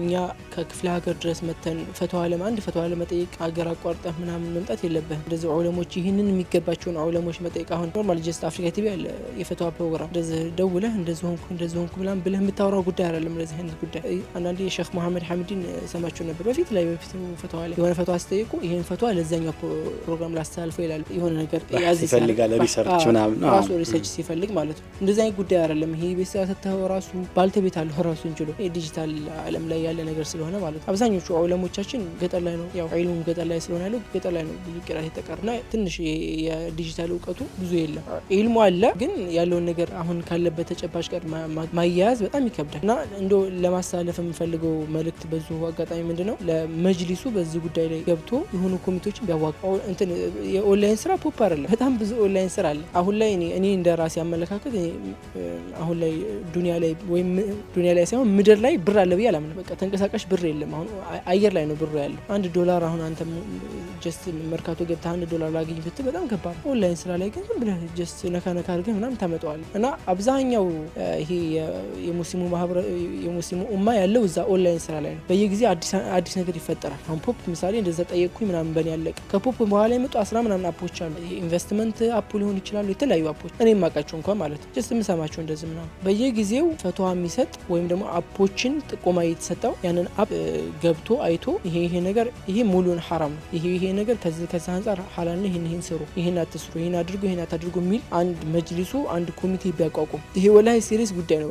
እኛ ከክፍለ ሀገር ድረስ መተን ፈትዋ ለማንድ ፈትዋ ለመጠየቅ ሀገር አቋርጠህ ምናምን መምጣት የለብህም። እንደዚህ ዑለሞች ይህንን የሚገባቸውን ዑለሞች መጠየቅ አሁን ኖርማል ጀስት አፍሪካ ቲቪ አለ የፈትዋ ፕሮግራም እንደዚህ ደውለህ እንደዚህ ሆንኩ እንደዚህ ሆንኩ ምናምን ብለህ የምታወራው ጉዳይ አይደለም። እንደዚህ አይነት ጉዳይ አንዳንዴ የሼክ መሐመድ ሐምዲን ሰማቸው ነበር በፊት ላይ በፊት ፈትዋ ላይ የሆነ ፈትዋ ሲጠየቁ ይህን ፈትዋ ለዛኛው ፕሮግራም ላስተላልፈው ይላል። የሆነ ነገር ያዝ ሪሰርች ሲፈልግ ማለት ነው። እንደዚህ አይነት ጉዳይ አይደለም። ይሄ ቤተሰብ ሰተው ራሱ ባልተቤት አለሁ ራሱ እንችሎ ዲጂታል አለም ላይ ያለ ነገር ስለሆነ ማለት ነው። አብዛኞቹ አውለሞቻችን ገጠር ላይ ነው ያው ዒልሙም ገጠር ላይ ስለሆነ ያለው ገጠር ላይ ነው ብዙ ቂራት የተቀሩና ትንሽ የዲጂታል እውቀቱ ብዙ የለም። ዒልሙ አለ ግን ያለውን ነገር አሁን ካለበት ተጨባጭ ጋር ማያያዝ በጣም ይከብዳል እና እንደ ለማስተላለፍ የምፈልገው መልእክት በዙ አጋጣሚ ምንድን ነው ለመጅሊሱ በዚህ ጉዳይ ላይ ገብቶ የሆኑ ኮሚቴዎችን ቢያዋቅሩ እንትን የኦንላይን ስራ ፖፕ አይደለም። በጣም ብዙ ኦንላይን ስራ አለ። አሁን ላይ እኔ እንደ ራሴ አመለካከት አሁን ላይ ዱኒያ ላይ ወይም ዱኒያ ላይ ሳይሆን ምድር ላይ ብር አለ ብዬ አላምንም። በቃ ተንቀሳቃሽ ብር የለም። አሁን አየር ላይ ነው ብሩ ያለው። አንድ ዶላር አሁን አንተ ጀስት መርካቶ ገብተህ አንድ ዶላር ላገኝ ብትል በጣም ከባድ። ኦንላይን ስራ ላይ ግን ብለህ ጀስት ነካ ነካ አድርገህ ምናምን ታመጠዋል እና አብዛኛው ይሄ የሙስሊሙ ማህበረ የሙስሊሙ ኡማ ያለው እዛ ኦንላይን ስራ ላይ ነው። በየጊዜ አዲስ ነገር ይፈጠራል። አሁን ፖፕ ምሳሌ እንደዛ ጠየቅኩኝ ምናምን በን ያለቀ ከፖፕ በኋላ የመጡ አስራ ምናምን አፖች አሉ። ኢንቨስትመንት አፕ ሊሆን ይችላሉ። የተለያዩ አፖች እኔ የማውቃቸው እንኳ ማለት ነው ጀስት የምሰማቸው እንደዚህ ምናምን በየጊዜው ፈትዋ የሚሰጥ ወይም ደግሞ አፖችን ጥቆማ እየተሰጠ ሰው ያንን አፕ ገብቶ አይቶ ይሄ ይሄ ነገር ይሄ ሙሉን ሐራም ነው፣ ይሄ ይሄ ነገር ከዚህ ከዚህ አንጻር ሀላል ነው፣ ይህን ይህን ስሩ፣ ይህን አትስሩ፣ ይህን አድርጉ፣ ይህን አታድርጉ የሚል አንድ መጅሊሱ አንድ ኮሚቴ ቢያቋቁም ይሄ ወላሂ ሲሪየስ ጉዳይ ነው።